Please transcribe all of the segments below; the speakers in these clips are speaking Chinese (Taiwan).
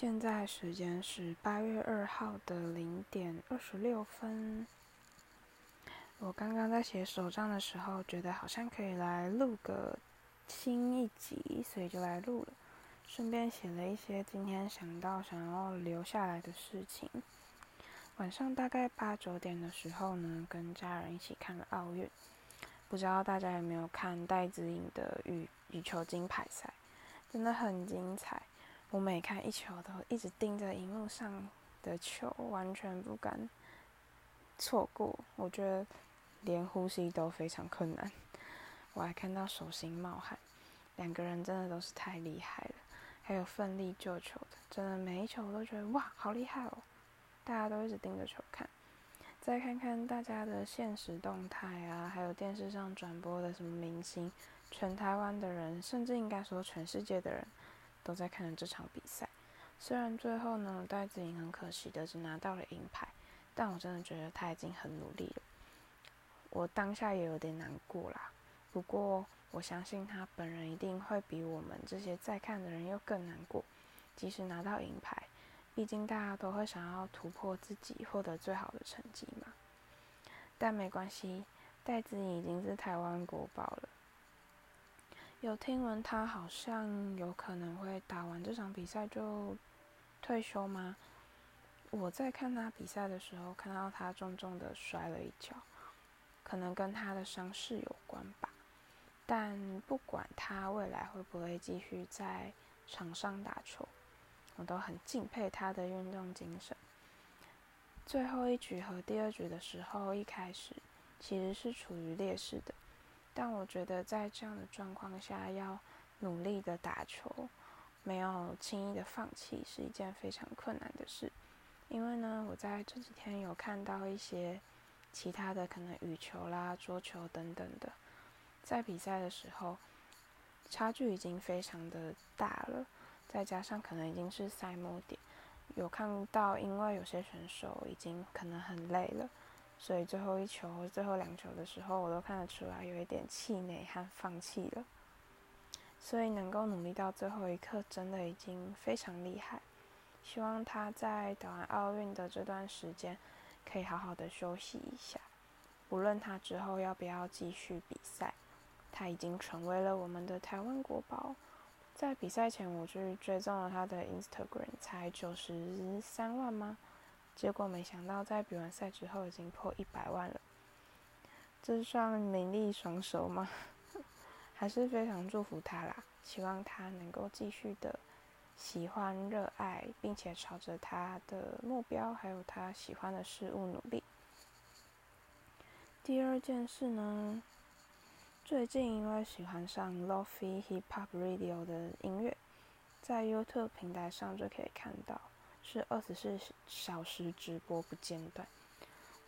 現在時間是八月二號的零點二十六分。我剛剛在寫手帳的時候，覺得好像可以來錄個新一集，所以就來錄了。順便寫了一些今天想到想要留下來的事情。晚上大概八九點的時候呢，跟家人一起看了奧運。不知道大家有沒有看戴資穎的羽羽球金牌賽？真的很精彩。我每看一球都一直盯着熒幕上的球，完全不敢錯過。我覺得連呼吸都非常困難，我還看到手心冒汗。兩個人真的都是太厲害了，還有奮力救球的，真的每一球我都覺得哇，好厲害哦！大家都一直盯着球看，再看看大家的限時動態啊，還有電視上轉播的什麼明星，全台灣的人，甚至應該說全世界的人。都在看了這場比賽，雖然最後呢，戴資穎很可惜的只拿到了銀牌，但我真的覺得他已經很努力了。我當下也有點難過啦，不過我相信他本人一定會比我們這些在看的人又更難過，即使拿到銀牌，畢竟大家都會想要突破自己，獲得最好的成績嘛。但沒關係，戴資穎已經是台灣國寶了。有聽聞他好像有可能會打完這場比賽就退休嗎？我在看他比賽的時候，看到他重重的摔了一跤，可能跟他的傷勢有關吧。但不管他未來會不會繼續在場上打球，我都很敬佩他的運動精神。最後一局和第二局的時候，一開始其實是處於劣勢的。但我覺得在這樣的狀況下，要努力的打球，沒有輕易的放棄，是一件非常困難的事。因為呢，我在這幾天有看到一些其他的可能羽球啦、桌球等等的，在比賽的時候，差距已經非常的大了。再加上可能已經是賽末點，有看到因為有些選手已經可能很累了。所以最後一球或最後兩球的時候，我都看得出來有一點氣餒和放棄了。所以能夠努力到最後一刻，真的已經非常厲害。希望他在打完奧運的這段時間，可以好好的休息一下。無論他之後要不要繼續比賽，他已經成為了我們的台灣國寶。在比賽前，我去追蹤了他的 Instagram，才九十三萬嗎？結果沒想到，在比完賽之後，已經破一百萬了。這算名利雙收嗎？還是非常祝福他啦！希望他能夠繼續的喜歡、熱愛，並且朝着他的目標，還有他喜歡的事物努力。第二件事呢，最近因為喜歡上 Lo-Fi Hip Hop Radio 的音樂，在 YouTube 平台上就可以看到。是二十四小時直播不間斷。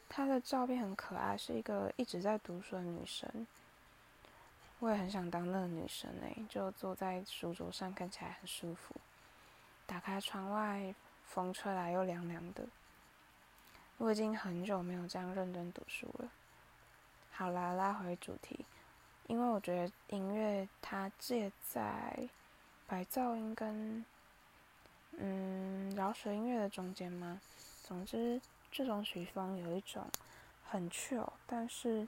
她的照片很可愛，是一個一直在讀書的女生。我也很想當那個女生哎、欸，就坐在書桌上，看起來很舒服。打開窗外，風吹來又涼涼的。我已經很久沒有這樣認真讀書了。好啦，拉回主題，因為我覺得音樂它借在白噪音跟。嗯，饒舌音樂的中間嗎？總之，這種曲風有一種很 chill 但是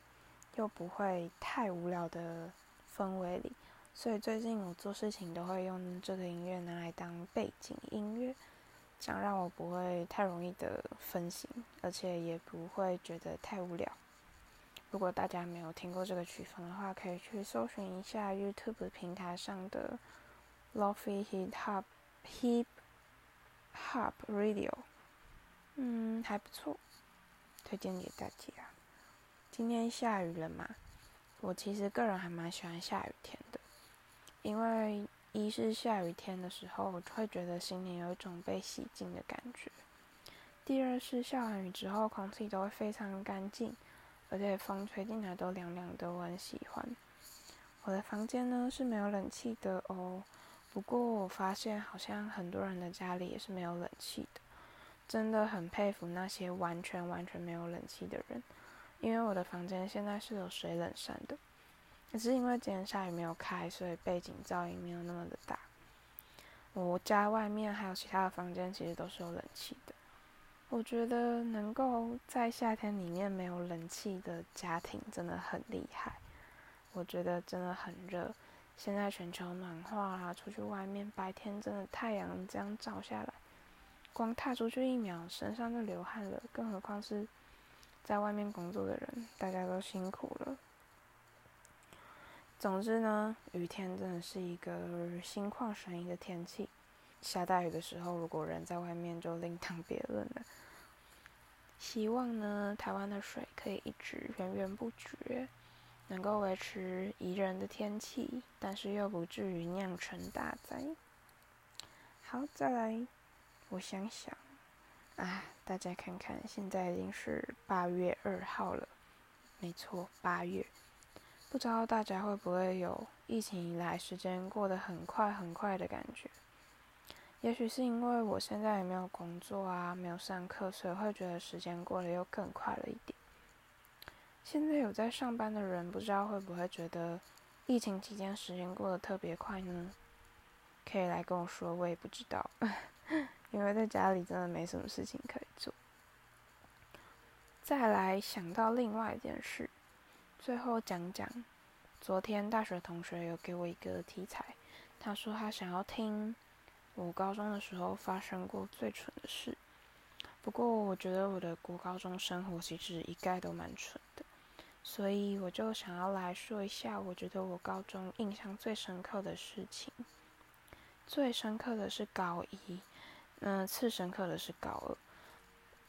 又不會太無聊的氛圍裡。所以最近我做事情都會用這個音樂拿來當背景音樂，這樣讓我不會太容易的分心，而且也不會覺得太無聊。如果大家沒有聽過這個曲風的話，可以去搜尋一下 YouTube 平台上的 Lo-Fi Hip Hop Hip。Hop Radio，嗯，還不錯，推薦給大家。今天下雨了嘛，我其實個人還蠻喜歡下雨天的，因為一是下雨天的時候，我會覺得心裡有一種被洗淨的感覺；第二是下完雨之後，空氣都會非常乾淨，而且風吹進來都涼涼的，我很喜歡。我的房間呢，是沒有冷氣的哦。不過我發現，好像很多人的家裡也是沒有冷氣的，真的很佩服那些完全完全沒有冷氣的人。因為我的房間現在是有水冷扇的，只是因為今天下雨沒有開，所以背景噪音沒有那麼的大。我家外面還有其他的房間，其實都是有冷氣的。我覺得能夠在夏天裡面沒有冷氣的家庭真的很厲害。我覺得真的很熱。現在全球暖化啦，出去外面白天真的太陽這樣照下來，光踏出去一秒身上就流汗了，更何況是在外面工作的人，大家都辛苦了。總之呢，雨天真的是一個心曠神怡的天氣，下大雨的時候如果人在外面就另當別論了。希望呢，台灣的水可以一直源源不絕。能夠維持宜人的天氣，但是又不至於釀成大災。好，再來，我想想啊，大家看看，現在已經是八月二號了，沒錯，八月。不知道大家會不會有疫情以來時間過得很快很快的感覺？也許是因為我現在也沒有工作啊，沒有上課，所以會覺得時間過得又更快了一點。現在有在上班的人，不知道會不會覺得疫情期間時間過得特別快呢？可以來跟我說，我也不知道， 因為在家裡真的沒什麼事情可以做。再來想到另外一件事，最後講講，昨天大學同學有給我一個題材，他說他想要聽我高中的時候發生過最蠢的事。不過我覺得我的國高中生活其實一概都蠻蠢。所以我就想要來說一下，我覺得我高中印象最深刻的事情。最深刻的是高一，嗯，次深刻的是高二。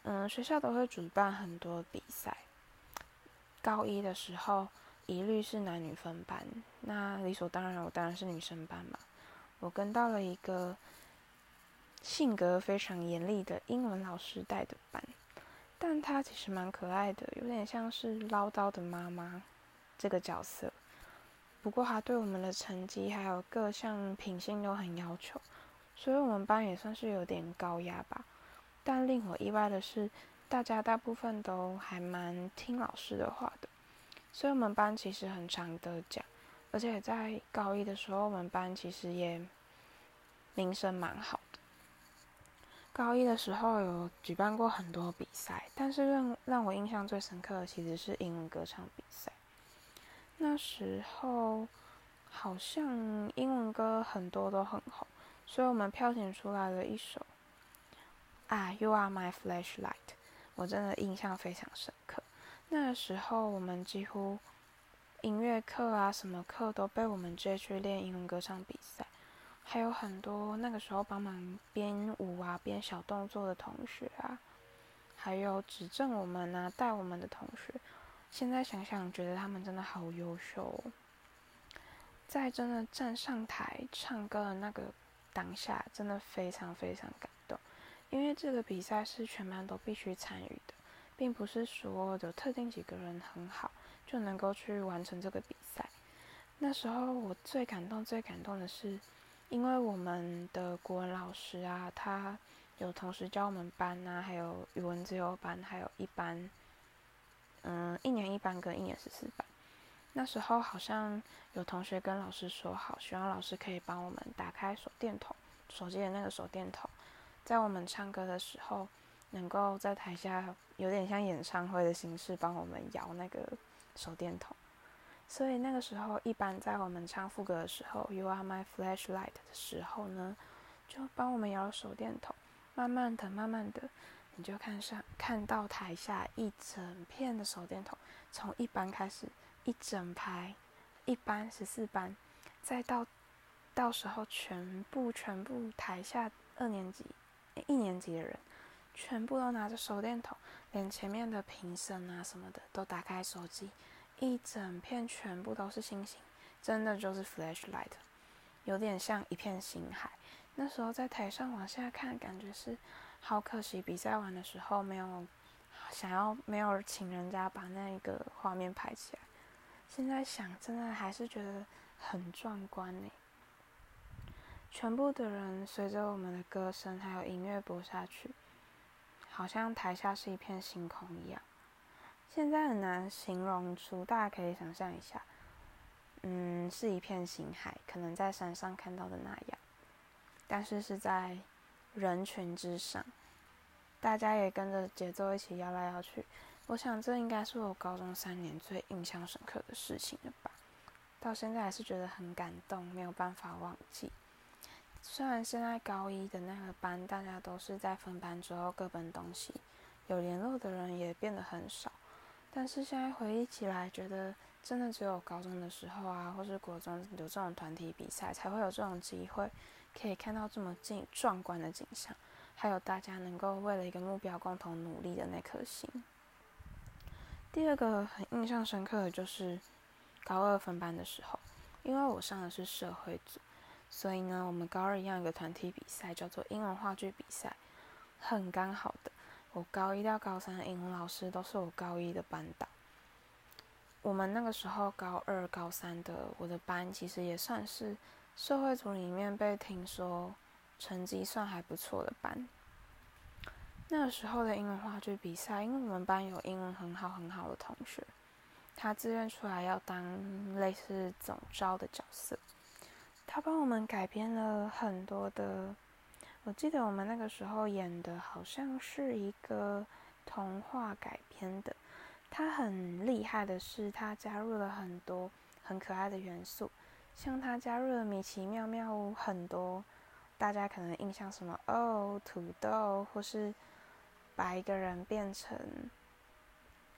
嗯，學校都會主辦很多比賽。高一的時候，一律是男女分班，那理所當然，我當然是女生班嘛。我跟到了一個性格非常嚴厲的英文老師帶的班。但她其實蠻可愛的，有點像是嘮叨的媽媽這個角色。不過她對我們的成績還有各項品性都很要求，所以我們班也算是有點高壓吧。但令我意外的是，大家大部分都還蠻聽老師的話的，所以我們班其實很常得獎。而且在高一的時候，我們班其實也名聲蠻好。高一的時候有舉辦過很多比賽，但是讓讓我印象最深刻的其實是英文歌唱比賽。那時候好像英文歌很多都很紅，所以我們挑選出來了一首《啊、You Are My Flashlight》，我真的印象非常深刻。那時候我們幾乎音樂課啊什麼課都被我們接去練英文歌唱比賽。還有很多那個時候幫忙編舞啊、編小動作的同學啊，還有指正我們啊、帶我們的同學，現在想想覺得他們真的好優秀哦。在真的站上台唱歌的那個當下，真的非常非常感動，因為這個比賽是全班都必須參與的，並不是說有特定幾個人很好就能夠去完成這個比賽。那時候我最感動、最感動的是。因為我們的國文老師啊，他有同時教我們班啊，還有語文自由班，還有一班，嗯，一年一班跟一年十四班。那時候好像有同學跟老師說好，希望老師可以幫我們打開手電筒，手機的那個手電筒，在我們唱歌的時候，能夠在台下有點像演唱會的形式，幫我們搖那個手電筒。所以那個時候，一般在我們唱副歌的時候，You Are My Flashlight 的時候呢，就幫我們搖手電筒，慢慢的、慢慢的，你就看上看到台下一整片的手電筒，從一班開始，一整排，一班、十四班，再到到時候全部、全部台下二年級、一年級的人，全部都拿着手電筒，連前面的評審啊什麼的都打開手機。一整片全部都是星星，真的就是 flashlight，有點像一片星海。那時候在台上往下看，感覺是好可惜，比賽完的時候沒有想要沒有請人家把那個畫面拍起來。現在想，真的還是覺得很壯觀呢、欸。全部的人隨着我們的歌聲還有音樂播下去，好像台下是一片星空一樣。現在很難形容出，大家可以想象一下，嗯，是一片星海，可能在山上看到的那樣，但是是在人群之上，大家也跟着節奏一起搖來搖去。我想這應該是我高中三年最印象深刻的事情了吧，到現在還是覺得很感動，沒有辦法忘記。雖然現在高一的那個班，大家都是在分班之後各奔東西，有聯絡的人也變得很少。但是現在回憶起來，覺得真的只有高中的時候啊，或是國中有這種團體比賽，才會有這種機會，可以看到這麼近壯觀的景象，還有大家能夠為了一個目標共同努力的那顆心。第二個很印象深刻的，就是高二分班的時候，因為我上的是社會組，所以呢，我們高二一樣有一個團體比賽，叫做英文話劇比賽，很剛好的。我高一到高三，英文老師都是我高一的班導。我們那個時候高二、高三的我的班，其實也算是社會組裡面被聽說成績算還不錯的班。那個時候的英文話劇比賽，因為我們班有英文很好很好的同學，他自願出來要當類似總召的角色，他幫我們改編了很多的。我記得我們那個時候演的好像是一個童話改編的，他很厲害的是他加入了很多很可愛的元素，像他加入了米奇妙妙屋很多，大家可能印象什麼哦，土豆或是把一個人變成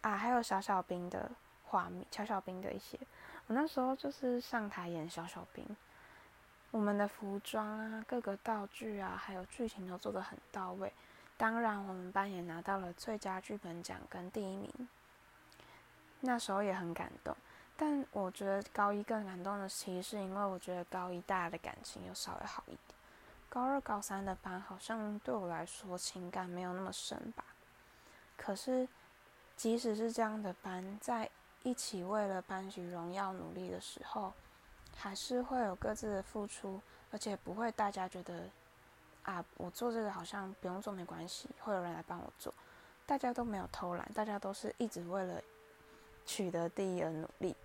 啊，還有小小兵的畫面，小小兵的一些，我那時候就是上台演小小兵。我們的服裝啊，各個道具啊，還有劇情都做得很到位。當然，我們班也拿到了最佳劇本獎跟第一名。那時候也很感動，但我覺得高一更感動的是其實是因為我覺得高一大家的感情又稍微好一點。高二、高三的班好像對我來說情感沒有那麼深吧。可是，即使是這樣的班，在一起為了班級榮耀努力的時候。還是會有各自的付出，而且不會大家覺得，啊，我做這個好像不用做沒關係，會有人來幫我做，大家都沒有偷懶，大家都是一直為了取得第一而努力，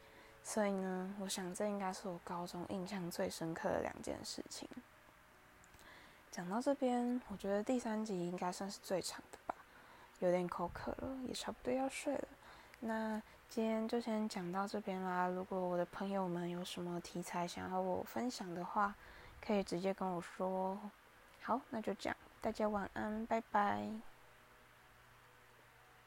所以呢，我想這應該是我高中印象最深刻的兩件事情。講到這邊，我覺得第三集應該算是最長的吧。有點口渴了，也差不多要睡了，那。今天就先講到這邊啦。如果我的朋友們有什麼題材想要我分享的話，可以直接跟我說。好，那就這樣，大家晚安，拜拜。